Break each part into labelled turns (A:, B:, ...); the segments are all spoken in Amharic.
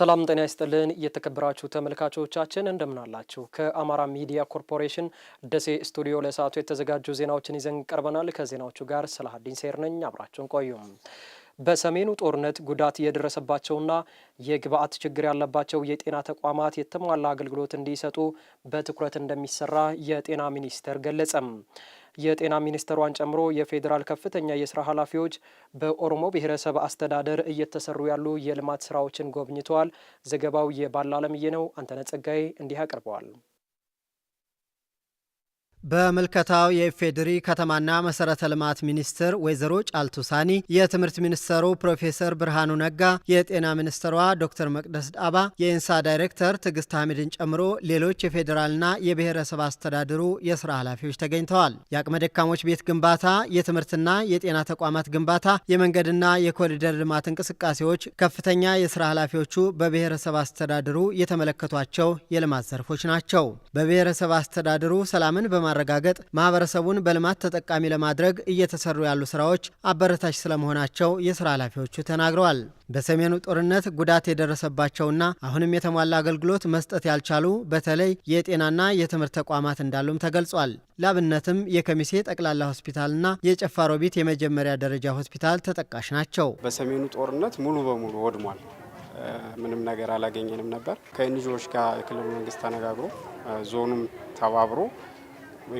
A: ሰላም ጤና ይስጥልን። የተከበራችሁ ተመልካቾቻችን እንደምናላችሁ። ከአማራ ሚዲያ ኮርፖሬሽን ደሴ ስቱዲዮ ለሰዓቱ የተዘጋጁ ዜናዎችን ይዘን ቀርበናል። ከዜናዎቹ ጋር ሰላሀዲን ሴር ነኝ። አብራችሁን ቆዩም። በሰሜኑ ጦርነት ጉዳት የደረሰባቸውና የግብአት ችግር ያለባቸው የጤና ተቋማት የተሟላ አገልግሎት እንዲሰጡ በትኩረት እንደሚሰራ የጤና ሚኒስቴር ገለጸም። የጤና ሚኒስትሯን ጨምሮ የፌዴራል ከፍተኛ የስራ ኃላፊዎች በኦሮሞ ብሔረሰብ አስተዳደር እየተሰሩ ያሉ የልማት ስራዎችን ጎብኝተዋል። ዘገባው የባላለምዬ ነው። አንተነህ ጸጋዬ እንዲህ አቅርበዋል። በምልከታው የኢፌዴሪ ከተማና መሰረተ ልማት ሚኒስትር ወይዘሮ ጫልቱ ሳኒ፣ የትምህርት ሚኒስተሩ ፕሮፌሰር ብርሃኑ ነጋ፣ የጤና ሚኒስትሯ ዶክተር መቅደስ ዳባ፣ የኢንሳ ዳይሬክተር ትዕግስት ሐሚድን ጨምሮ ሌሎች የፌዴራልና የብሔረሰብ አስተዳደሩ የስራ ኃላፊዎች ተገኝተዋል። የአቅመ ደካሞች ቤት ግንባታ፣ የትምህርትና የጤና ተቋማት ግንባታ፣ የመንገድና የኮሪደር ልማት እንቅስቃሴዎች ከፍተኛ የስራ ኃላፊዎቹ በብሔረሰብ አስተዳደሩ የተመለከቷቸው የልማት ዘርፎች ናቸው። በብሔረሰብ አስተዳደሩ ሰላምን በማ በማረጋገጥ ማህበረሰቡን በልማት ተጠቃሚ ለማድረግ እየተሰሩ ያሉ ስራዎች አበረታች ስለመሆናቸው የስራ ኃላፊዎቹ ተናግረዋል። በሰሜኑ ጦርነት ጉዳት የደረሰባቸውና አሁንም የተሟላ አገልግሎት መስጠት ያልቻሉ በተለይ የጤናና የትምህርት ተቋማት እንዳሉም ተገልጿል። ላብነትም የከሚሴ ጠቅላላ ሆስፒታልና የጨፋ ሮቢት የመጀመሪያ ደረጃ ሆስፒታል ተጠቃሽ ናቸው።
B: በሰሜኑ ጦርነት ሙሉ በሙሉ ወድሟል። ምንም ነገር አላገኘንም ነበር። ከኤንጂኦዎች ጋር የክልሉ መንግስት ተነጋግሮ ዞኑም ተባብሮ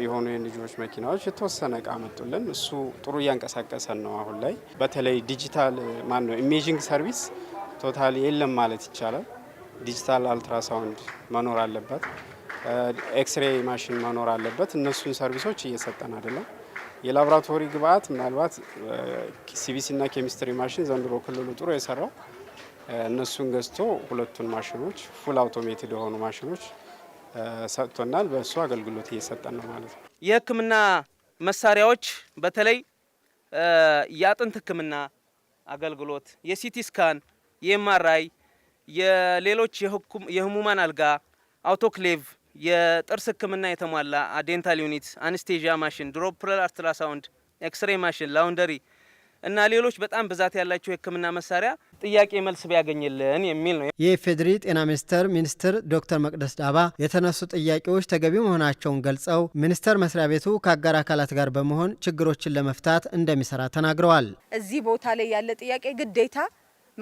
B: የሆኑ የልጆች መኪናዎች የተወሰነ እቃ መጡልን። እሱ ጥሩ እያንቀሳቀሰን ነው። አሁን ላይ በተለይ ዲጂታል ማን ነው ኢሜጂንግ ሰርቪስ ቶታል የለም ማለት ይቻላል። ዲጂታል አልትራሳውንድ መኖር አለበት፣ ኤክስሬይ ማሽን መኖር አለበት። እነሱን ሰርቪሶች እየሰጠን አይደለም። የላብራቶሪ ግብአት ምናልባት ሲቪሲና ኬሚስትሪ ማሽን ዘንድሮ ክልሉ ጥሩ የሰራው እነሱን ገዝቶ ሁለቱን ማሽኖች ፉል አውቶሜትድ የሆኑ ማሽኖች ሰጥቶናል። በእሱ አገልግሎት እየሰጠን ነው ማለት ነው።
C: የህክምና መሳሪያዎች በተለይ የአጥንት ህክምና አገልግሎት፣ የሲቲ ስካን፣ የኤምአርአይ፣ የሌሎች የህሙማን አልጋ፣ አውቶክሌቭ፣ የጥርስ ህክምና የተሟላ ዴንታል ዩኒት፣ አንስቴዥያ ማሽን፣ ድሮፕለር አልትራሳውንድ፣ ኤክስሬ ማሽን፣ ላውንደሪ እና ሌሎች በጣም ብዛት ያላቸው የህክምና መሳሪያ ጥያቄ መልስ ቢያገኝልን የሚል ነው።
A: የኢፌዴሪ ጤና ሚኒስቴር ሚኒስትር ዶክተር መቅደስ ዳባ የተነሱ ጥያቄዎች ተገቢ መሆናቸውን ገልጸው ሚኒስቴር መስሪያ ቤቱ ከአጋር አካላት ጋር በመሆን ችግሮችን ለመፍታት እንደሚሰራ ተናግረዋል።
D: እዚህ ቦታ ላይ ያለ ጥያቄ ግዴታ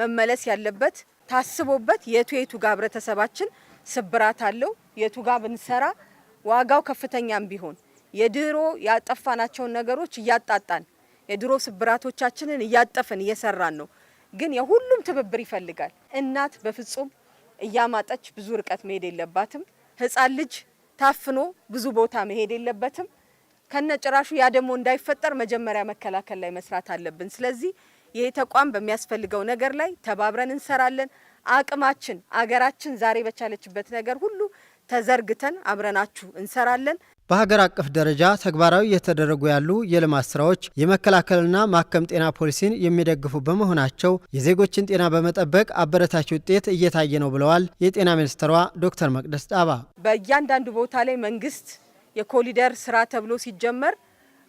D: መመለስ ያለበት ታስቦበት የቱ የቱ ጋ ህብረተሰባችን ስብራት አለው የቱ ጋ ብንሰራ ዋጋው ከፍተኛም ቢሆን የድሮ ያጠፋናቸውን ነገሮች እያጣጣን የድሮ ስብራቶቻችንን እያጠፍን እየሰራን ነው። ግን የሁሉም ትብብር ይፈልጋል። እናት በፍጹም እያማጠች ብዙ ርቀት መሄድ የለባትም። ህፃን ልጅ ታፍኖ ብዙ ቦታ መሄድ የለበትም። ከነጭራሹ ያ ደግሞ እንዳይፈጠር መጀመሪያ መከላከል ላይ መስራት አለብን። ስለዚህ ይሄ ተቋም በሚያስፈልገው ነገር ላይ ተባብረን እንሰራለን። አቅማችን አገራችን ዛሬ በቻለችበት ነገር ሁሉ ተዘርግተን አብረናችሁ እንሰራለን።
A: በሀገር አቀፍ ደረጃ ተግባራዊ እየተደረጉ ያሉ የልማት ስራዎች የመከላከልና ማከም ጤና ፖሊሲን የሚደግፉ በመሆናቸው የዜጎችን ጤና በመጠበቅ አበረታች ውጤት እየታየ ነው ብለዋል የጤና ሚኒስትሯ ዶክተር መቅደስ ዳባ።
D: በእያንዳንዱ ቦታ ላይ መንግስት የኮሊደር ስራ ተብሎ ሲጀመር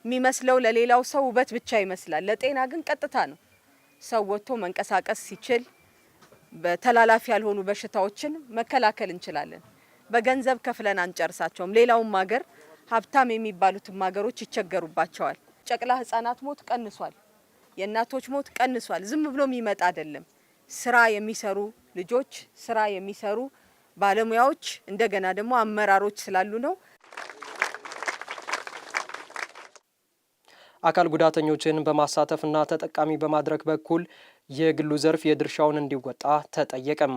D: የሚመስለው ለሌላው ሰው ውበት ብቻ ይመስላል። ለጤና ግን ቀጥታ ነው። ሰው ወጥቶ መንቀሳቀስ ሲችል በተላላፊ ያልሆኑ በሽታዎችን መከላከል እንችላለን። በገንዘብ ከፍለን አንጨርሳቸውም። ሌላውም ሀገር ሀብታም የሚባሉትም ሀገሮች ይቸገሩባቸዋል። ጨቅላ ህጻናት ሞት ቀንሷል። የእናቶች ሞት ቀንሷል። ዝም ብሎ የሚመጣ አይደለም። ስራ የሚሰሩ ልጆች፣ ስራ የሚሰሩ ባለሙያዎች፣ እንደገና ደግሞ አመራሮች ስላሉ ነው።
A: አካል ጉዳተኞችን በማሳተፍና ተጠቃሚ በማድረግ በኩል የግሉ ዘርፍ የድርሻውን እንዲወጣ ተጠየቀም።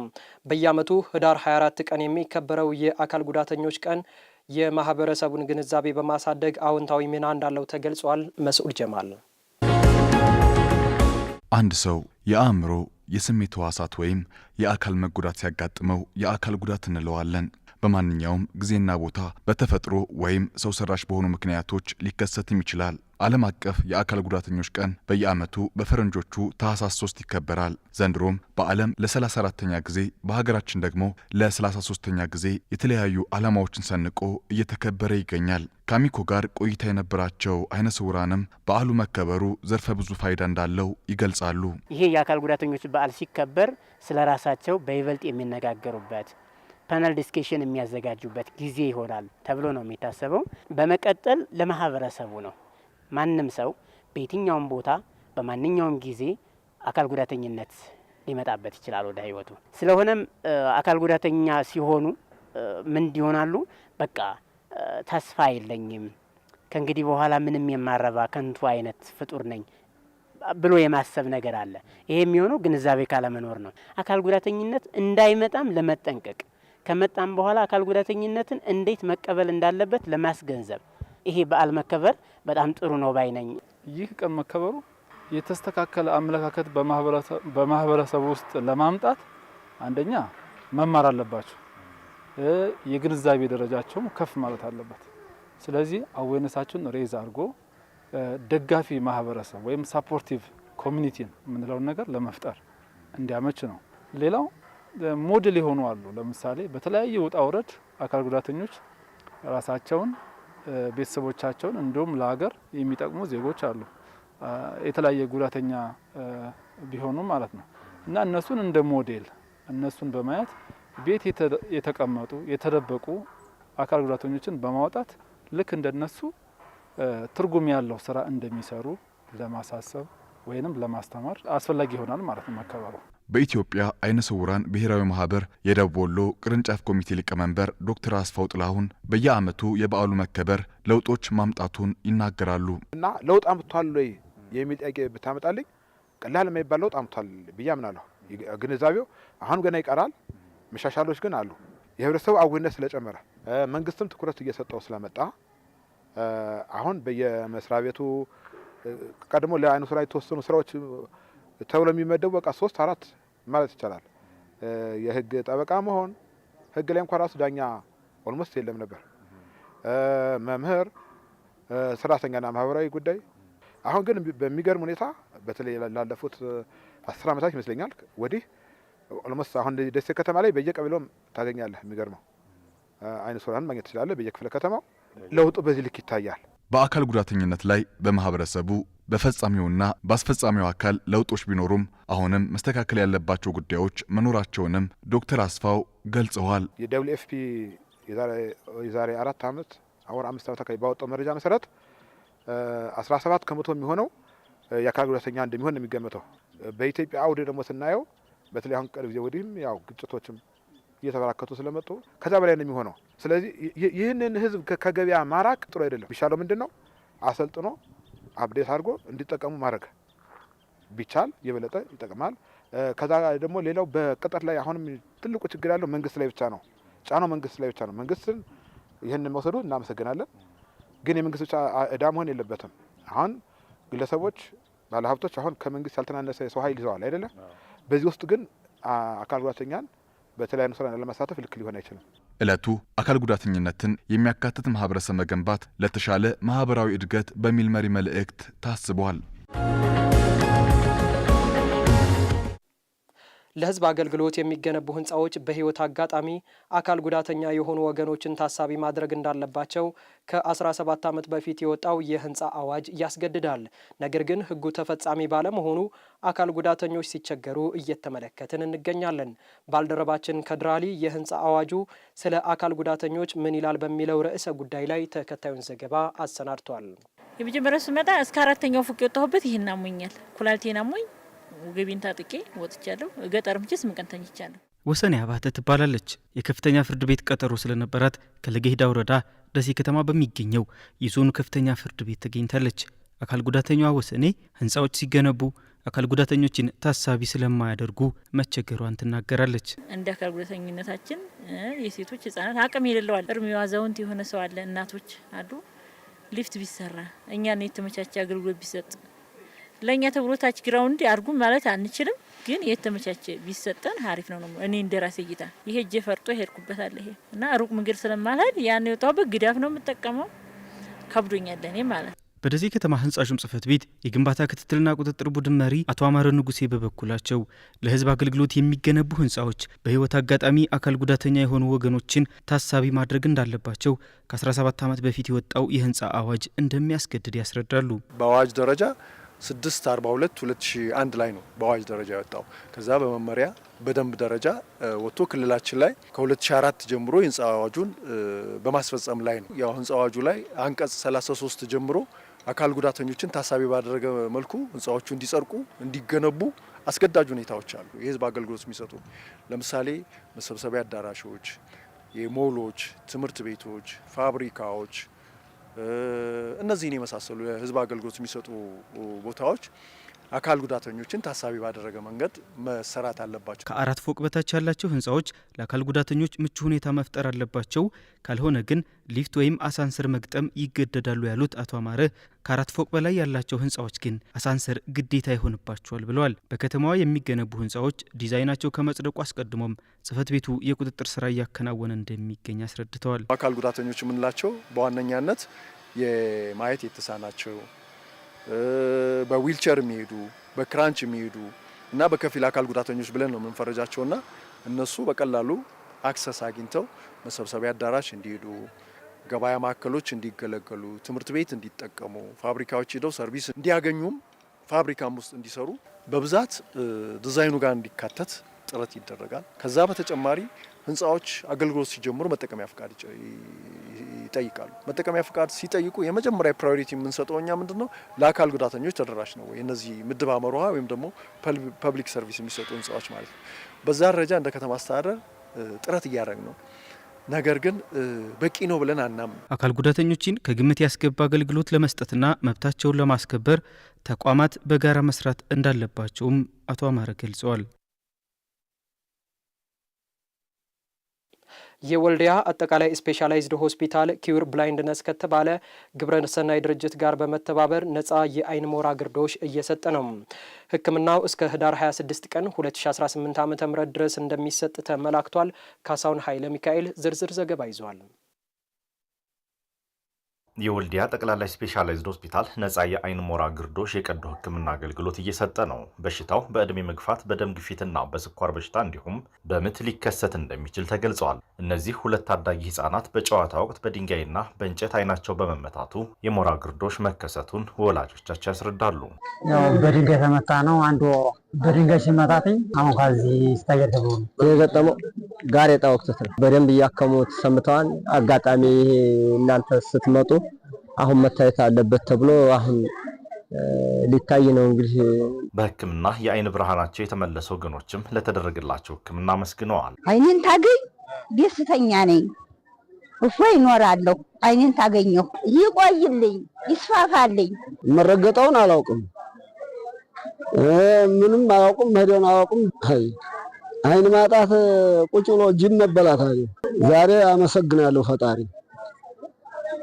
A: በየአመቱ ህዳር 24 ቀን የሚከበረው የአካል ጉዳተኞች ቀን የማህበረሰቡን ግንዛቤ በማሳደግ አዎንታዊ ሚና እንዳለው ተገልጿል። መስዑድ ጀማል
E: አንድ ሰው የአእምሮ የስሜት ህዋሳት ወይም የአካል መጎዳት ሲያጋጥመው የአካል ጉዳት እንለዋለን። በማንኛውም ጊዜና ቦታ በተፈጥሮ ወይም ሰው ሰራሽ በሆኑ ምክንያቶች ሊከሰትም ይችላል። ዓለም አቀፍ የአካል ጉዳተኞች ቀን በየዓመቱ በፈረንጆቹ ታህሳስ 3 ይከበራል። ዘንድሮም በዓለም ለ34ተኛ ጊዜ በሀገራችን ደግሞ ለ33ተኛ ጊዜ የተለያዩ ዓላማዎችን ሰንቆ እየተከበረ ይገኛል። ከአሚኮ ጋር ቆይታ የነበራቸው አይነ ስውራንም በዓሉ መከበሩ ዘርፈ ብዙ ፋይዳ እንዳለው ይገልጻሉ።
C: ይሄ የአካል ጉዳተኞች በዓል ሲከበር ስለ ራሳቸው በይበልጥ የሚነጋገሩበት ፓናል ዲስኬሽን የሚያዘጋጁበት ጊዜ ይሆናል ተብሎ ነው የሚታሰበው። በመቀጠል ለማህበረሰቡ ነው። ማንም ሰው በየትኛውም ቦታ በማንኛውም ጊዜ አካል ጉዳተኝነት ሊመጣበት ይችላል ወደ ህይወቱ። ስለሆነም አካል ጉዳተኛ ሲሆኑ ምን ይሆናሉ? በቃ ተስፋ የለኝም ከእንግዲህ በኋላ ምንም የማረባ ከንቱ አይነት ፍጡር ነኝ ብሎ የማሰብ ነገር አለ። ይሄ የሚሆነው ግንዛቤ ካለመኖር ነው። አካል ጉዳተኝነት እንዳይመጣም ለመጠንቀቅ ከመጣም በኋላ አካል ጉዳተኝነትን እንዴት መቀበል እንዳለበት ለማስገንዘብ ይሄ በዓል መከበር በጣም ጥሩ ነው ባይነኝ
B: ይህ ቀን መከበሩ የተስተካከለ አመለካከት በማህበረሰብ ውስጥ ለማምጣት አንደኛ መማር አለባቸው፣ የግንዛቤ ደረጃቸውም ከፍ ማለት አለበት። ስለዚህ አዌነሳችን ሬዝ አድርጎ ደጋፊ ማህበረሰብ ወይም ሳፖርቲቭ ኮሚኒቲን የምንለውን ነገር ለመፍጠር እንዲያመች ነው። ሌላው ሞዴል የሆኑ አሉ። ለምሳሌ በተለያየ ውጣ ውረድ አካል ጉዳተኞች ራሳቸውን፣ ቤተሰቦቻቸውን እንዲሁም ለሀገር የሚጠቅሙ ዜጎች አሉ። የተለያየ ጉዳተኛ ቢሆኑ ማለት ነው እና እነሱን እንደ ሞዴል እነሱን በማየት ቤት የተቀመጡ የተደበቁ አካል ጉዳተኞችን በማውጣት ልክ እንደነሱ ትርጉም ያለው ስራ እንደሚሰሩ ለማሳሰብ ወይንም ለማስተማር አስፈላጊ ይሆናል ማለት ነው መከበሩ።
E: በኢትዮጵያ አይነ ስውራን ብሔራዊ ማህበር የደቡብ ወሎ ቅርንጫፍ ኮሚቴ ሊቀመንበር ዶክተር አስፋው ጥላሁን በየአመቱ የበዓሉ መከበር ለውጦች ማምጣቱን ይናገራሉ።
B: እና ለውጥ አምጥቷል ወይ የሚል ጥያቄ ብታመጣልኝ ቀላል የማይባል ለውጥ አምጥቷል ብዬ አምናለሁ። ግንዛቤው አሁን ገና ይቀራል፣ መሻሻሎች ግን አሉ። የህብረተሰቡ አዊነት ስለጨመረ መንግስትም ትኩረት እየሰጠው ስለመጣ አሁን በየመስሪያ ቤቱ ቀድሞ ለአይነ ስውራን የተወሰኑ ስራዎች ተብሎ የሚመደቡ በቃ ሶስት አራት ማለት ይቻላል። የህግ ጠበቃ መሆን ህግ ላይ እንኳን ራሱ ዳኛ ኦልሞስት የለም ነበር። መምህር፣ ሰራተኛና ማህበራዊ ጉዳይ። አሁን ግን በሚገርም ሁኔታ በተለይ ላለፉት አስር ዓመታት ይመስለኛል ወዲህ ኦልሞስት አሁን ደሴ ከተማ ላይ በየቀበሌውም ታገኛለህ። የሚገርመው አይነ ስውራንን ማግኘት ትችላለህ በየክፍለ ከተማው። ለውጡ በዚህ ልክ ይታያል።
E: በአካል ጉዳተኝነት ላይ በማህበረሰቡ በፈጻሚውና በአስፈጻሚው አካል ለውጦች ቢኖሩም አሁንም መስተካከል ያለባቸው ጉዳዮች መኖራቸውንም ዶክተር አስፋው ገልጸዋል።
B: የደብሊው የዛሬ አራት ዓመት አወር አምስት ዓመት አካባቢ ባወጣው መረጃ መሰረት 17 ከመቶ የሚሆነው የአካል ጉዳተኛ እንደሚሆን ነው የሚገመተው። በኢትዮጵያ አውድ ደግሞ ስናየው በተለይ አሁን ቅርብ ጊዜ ወዲህም ያው ግጭቶችም እየተበራከቱ ስለመጡ ከዛ በላይ ነው የሚሆነው። ስለዚህ ይህንን ህዝብ ከገበያ ማራቅ ጥሩ አይደለም። የሚሻለው ምንድን ነው? አሰልጥኖ አብዴት አድርጎ እንዲጠቀሙ ማድረግ ቢቻል የበለጠ ይጠቅማል። ከዛ ደግሞ ሌላው በቅጥር ላይ አሁንም ትልቁ ችግር ያለው መንግስት ላይ ብቻ ነው፣ ጫናው መንግስት ላይ ብቻ ነው። መንግስትን ይህን መውሰዱ እናመሰግናለን፣ ግን የመንግስት ብቻ እዳ መሆን የለበትም። አሁን ግለሰቦች፣ ባለሀብቶች አሁን ከመንግስት ያልተናነሰ የሰው ኃይል ይዘዋል አይደለም። በዚህ ውስጥ ግን አካል ጉዳተኛን በተለያዩ ስራ ለመሳተፍ ልክ ሊሆን አይችልም።
E: ዕለቱ አካል ጉዳተኝነትን የሚያካትት ማህበረሰብ መገንባት ለተሻለ ማህበራዊ እድገት በሚል መሪ መልእክት ታስቧል።
A: ለህዝብ አገልግሎት የሚገነቡ ህንፃዎች በህይወት አጋጣሚ አካል ጉዳተኛ የሆኑ ወገኖችን ታሳቢ ማድረግ እንዳለባቸው ከ17 ዓመት በፊት የወጣው የህንፃ አዋጅ ያስገድዳል። ነገር ግን ህጉ ተፈጻሚ ባለመሆኑ አካል ጉዳተኞች ሲቸገሩ እየተመለከትን እንገኛለን። ባልደረባችን ከድራሊ የህንፃ አዋጁ ስለ አካል ጉዳተኞች ምን ይላል በሚለው ርዕሰ ጉዳይ ላይ ተከታዩን ዘገባ አሰናድቷል።
F: የመጀመሪያው ስመጣ እስከ አራተኛው ፎቅ የወጣሁበት ይህን አሞኛል። ኩላሊቴን አሞኝ ወገቤን ታጥቄ ወጥቻለሁ። ገጠር ምችስ ምቀን
G: ወሰኔ አባተ ትባላለች። የከፍተኛ ፍርድ ቤት ቀጠሮ ስለነበራት ከለገሂዳ ወረዳ ደሴ ከተማ በሚገኘው የዞኑ ከፍተኛ ፍርድ ቤት ተገኝታለች። አካል ጉዳተኛዋ ወሰኔ ህንፃዎች ሲገነቡ አካል ጉዳተኞችን ታሳቢ ስለማያደርጉ መቸገሯን ትናገራለች።
F: እንደ አካል ጉዳተኝነታችን የሴቶች ህጻናት አቅም የሌለዋል እርሜዋ አዛውንት የሆነ ሰው አለ፣ እናቶች አሉ። ሊፍት ቢሰራ ነው የተመቻቸ አገልግሎት ቢሰጥ ለእኛ ተብሎ ታች ግራውንድ አድርጉ ማለት አንችልም፣ ግን የተመቻቸ ቢሰጠን አሪፍ ነው ነው እኔ እንደራሴ እይታ። ይሄ እጄ ፈርጦ ሄድኩበት አለ ይሄ እና ሩቅ ምግር ስለማልሄድ ያን የወጣሁበት ግዳፍ ነው የምጠቀመው። ከብዶኛል እኔ ማለት
G: በደሴ ከተማ ህንጻ ሹም ጽህፈት ቤት የግንባታ ክትትልና ቁጥጥር ቡድን መሪ አቶ አማረ ንጉሴ በበኩላቸው ለህዝብ አገልግሎት የሚገነቡ ህንፃዎች በህይወት አጋጣሚ አካል ጉዳተኛ የሆኑ ወገኖችን ታሳቢ ማድረግ እንዳለባቸው ከ17 ዓመት በፊት የወጣው የህንፃ አዋጅ እንደሚያስገድድ ያስረዳሉ።
B: በአዋጅ ደረጃ 642 2001 ላይ ነው በአዋጅ ደረጃ የወጣው። ከዛ በመመሪያ በደንብ ደረጃ ወጥቶ ክልላችን ላይ ከ2004 ጀምሮ የህንፃ አዋጁን በማስፈጸም ላይ ነው። ያው ህንፃ አዋጁ ላይ አንቀጽ 33 ጀምሮ አካል ጉዳተኞችን ታሳቢ ባደረገ መልኩ ህንፃዎቹ እንዲጸርቁ እንዲገነቡ አስገዳጅ ሁኔታዎች አሉ። የህዝብ አገልግሎት የሚሰጡ ለምሳሌ መሰብሰቢያ አዳራሾች፣ የሞሎች፣ ትምህርት ቤቶች፣ ፋብሪካዎች እነዚህን የመሳሰሉ የህዝብ አገልግሎት የሚሰጡ ቦታዎች አካል ጉዳተኞችን ታሳቢ ባደረገ መንገድ መሰራት አለባቸው።
G: ከአራት ፎቅ በታች ያላቸው ህንፃዎች ለአካል ጉዳተኞች ምቹ ሁኔታ መፍጠር አለባቸው፣ ካልሆነ ግን ሊፍት ወይም አሳንሰር መግጠም ይገደዳሉ ያሉት አቶ አማረ ከአራት ፎቅ በላይ ያላቸው ህንፃዎች ግን አሳንሰር ግዴታ ይሆንባቸዋል ብለዋል። በከተማዋ የሚገነቡ ህንፃዎች ዲዛይናቸው ከመጽደቁ አስቀድሞም ጽህፈት ቤቱ የቁጥጥር ስራ እያከናወነ እንደሚገኝ አስረድተዋል።
B: አካል ጉዳተኞች የምንላቸው በዋነኛነት የማየት የተሳናቸው በዊልቸር የሚሄዱ በክራንች የሚሄዱ እና በከፊል አካል ጉዳተኞች ብለን ነው የምንፈረጃቸውና እነሱ በቀላሉ አክሰስ አግኝተው መሰብሰቢያ አዳራሽ እንዲሄዱ፣ ገበያ ማዕከሎች እንዲገለገሉ፣ ትምህርት ቤት እንዲጠቀሙ፣ ፋብሪካዎች ሄደው ሰርቪስ እንዲያገኙም ፋብሪካም ውስጥ እንዲሰሩ በብዛት ዲዛይኑ ጋር እንዲካተት ጥረት ይደረጋል። ከዛ በተጨማሪ ህንፃዎች አገልግሎት ሲጀምሩ መጠቀሚያ ፈቃድ ይጠይቃሉ። መጠቀሚያ ፍቃድ ሲጠይቁ የመጀመሪያ ፕራዮሪቲ የምንሰጠው እኛ ምንድን ነው ለአካል ጉዳተኞች ተደራሽ ነው ወይ እነዚህ ምድብ ውሃ ወይም ደግሞ ፐብሊክ ሰርቪስ የሚሰጡ ህንፃዎች ማለት ነው። በዛ ደረጃ እንደ ከተማ አስተዳደር ጥረት እያደረግ ነው። ነገር ግን በቂ ነው ብለን አናም
G: አካል ጉዳተኞችን ከግምት ያስገባ አገልግሎት ለመስጠትና መብታቸውን ለማስከበር ተቋማት በጋራ መስራት እንዳለባቸውም አቶ አማረ ገልጸዋል።
A: የወልዲያ አጠቃላይ ስፔሻላይዝድ ሆስፒታል ኪውር ብላይንድነስ ከተባለ ግብረ ሰናይ ድርጅት ጋር በመተባበር ነፃ የአይን ሞራ ግርዶሽ እየሰጠ ነው። ሕክምናው እስከ ህዳር 26 ቀን 2018 ዓ ም ድረስ እንደሚሰጥ ተመላክቷል። ካሳውን ኃይለ ሚካኤል ዝርዝር ዘገባ ይዟል።
H: የወልዲያ ጠቅላላ ስፔሻላይዝድ ሆስፒታል ነፃ የአይን ሞራ ግርዶሽ የቀዶ ሕክምና አገልግሎት እየሰጠ ነው። በሽታው በዕድሜ መግፋት፣ በደም ግፊትና በስኳር በሽታ እንዲሁም በምት ሊከሰት እንደሚችል ተገልጸዋል። እነዚህ ሁለት ታዳጊ ህጻናት በጨዋታ ወቅት በድንጋይና በእንጨት አይናቸው በመመታቱ የሞራ ግርዶሽ መከሰቱን ወላጆቻቸው ያስረዳሉ።
I: በድንጋይ ተመታ ነው። አንዱ በድንጋይ ሲመታትኝ አሁን ከዚህ ተብሎ ነው የገጠመው ጋሬጣ ወቅቱት ነው። በደንብ እያከሙት ሰምተዋል። አጋጣሚ ይሄ እናንተ ስትመጡ አሁን መታየት አለበት ተብሎ አሁን ሊታይ ነው። እንግዲህ
H: በሕክምና የአይን ብርሃናቸው የተመለሱ ወገኖችም ለተደረገላቸው ሕክምና አመስግነዋል።
J: አይንን ታገኝ ደስተኛ ነኝ። እፎ ይኖራለሁ። አይንን ታገኘሁ። ይቆይልኝ፣ ይስፋፋልኝ።
K: መረገጠውን አላውቅም፣ ምንም አላውቅም፣ መሄደውን አላውቅም። አይን ማጣት ቁጭ ብሎ ጅን ነበላት። ዛሬ አመሰግናለሁ ፈጣሪ፣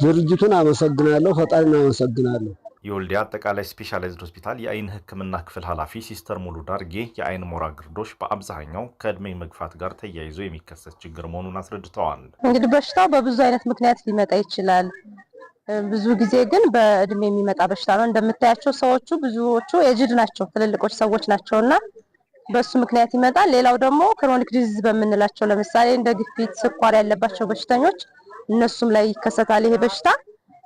K: ድርጅቱን አመሰግናለሁ፣ ፈጣሪን አመሰግናለሁ።
H: የወልዲያ አጠቃላይ ስፔሻላይዝድ ሆስፒታል የአይን ሕክምና ክፍል ኃላፊ ሲስተር ሙሉ ዳርጌ የአይን ሞራ ግርዶሽ በአብዛኛው ከእድሜ መግፋት ጋር ተያይዞ የሚከሰት ችግር መሆኑን አስረድተዋል።
L: እንግዲህ በሽታው በብዙ አይነት ምክንያት ሊመጣ ይችላል። ብዙ ጊዜ ግን በእድሜ የሚመጣ በሽታ ነው። እንደምታያቸው ሰዎቹ ብዙዎቹ የጅድ ናቸው፣ ትልልቆች ሰዎች ናቸው እና በሱ ምክንያት ይመጣል። ሌላው ደግሞ ክሮኒክ ዲዚዝ በምንላቸው ለምሳሌ እንደ ግፊት፣ ስኳር ያለባቸው በሽተኞች እነሱም ላይ ይከሰታል ይሄ በሽታ።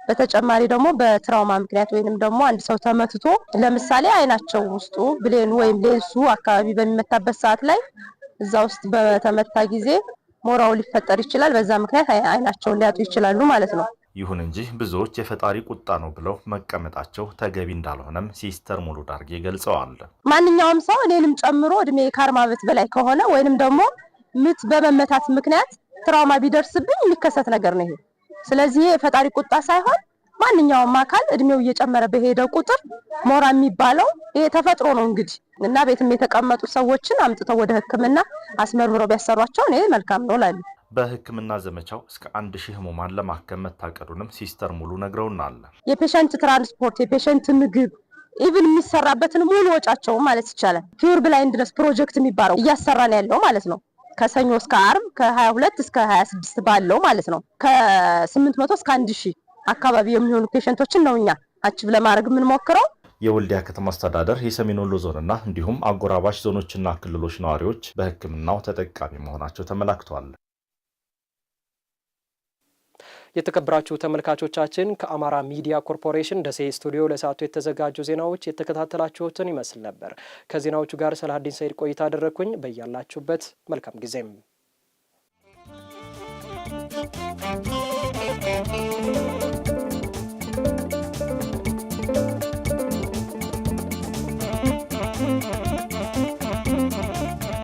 L: በተጨማሪ ደግሞ በትራውማ ምክንያት ወይንም ደግሞ አንድ ሰው ተመትቶ ለምሳሌ አይናቸው ውስጡ ብሌኑ ወይም ሌንሱ አካባቢ በሚመታበት ሰዓት ላይ እዛ ውስጥ በተመታ ጊዜ ሞራው ሊፈጠር ይችላል። በዛ ምክንያት አይናቸውን ሊያጡ ይችላሉ ማለት ነው።
H: ይሁን እንጂ ብዙዎች የፈጣሪ ቁጣ ነው ብለው መቀመጣቸው ተገቢ እንዳልሆነም ሲስተር ሙሉ ዳርጌ ገልጸዋል።
L: ማንኛውም ሰው እኔንም ጨምሮ እድሜ ከአርባ ዓመት በላይ ከሆነ ወይንም ደግሞ ምት በመመታት ምክንያት ትራውማ ቢደርስብኝ የሚከሰት ነገር ነው ይሄ። ስለዚህ የፈጣሪ ቁጣ ሳይሆን ማንኛውም አካል እድሜው እየጨመረ በሄደ ቁጥር ሞራ የሚባለው ይሄ ተፈጥሮ ነው እንግዲህ እና ቤትም የተቀመጡ ሰዎችን አምጥተው ወደ ሕክምና አስመርምረው ቢያሰሯቸው እኔ መልካም ነው ላሉ
H: በህክምና ዘመቻው እስከ አንድ ሺህ ህሙማን ለማከም መታቀዱንም ሲስተር ሙሉ ነግረውናል።
L: የፔሸንት ትራንስፖርት፣ የፔሸንት ምግብ ኢቭን የሚሰራበትን ሙሉ ወጫቸው ማለት ይቻላል ፒውር ብላይንድነስ ፕሮጀክት የሚባለው እያሰራን ያለው ማለት ነው። ከሰኞ እስከ አርብ ከ22 እስከ 26 ባለው ማለት ነው። ከ800 እስከ 1000 አካባቢ የሚሆኑ ፔሸንቶችን ነው እኛ አችብ ለማድረግ የምንሞክረው።
H: የወልዲያ ከተማ አስተዳደር የሰሜን ወሎ ዞንና እንዲሁም አጎራባሽ ዞኖችና ክልሎች ነዋሪዎች በህክምናው ተጠቃሚ መሆናቸው ተመላክቷል።
A: የተከበራችሁ ተመልካቾቻችን ከአማራ ሚዲያ ኮርፖሬሽን ደሴ ስቱዲዮ ለሰዓቱ የተዘጋጁ ዜናዎች የተከታተላችሁትን ይመስል ነበር። ከዜናዎቹ ጋር ሰላሀዲን ሰይድ ቆይታ አደረግኩኝ። በያላችሁበት መልካም ጊዜም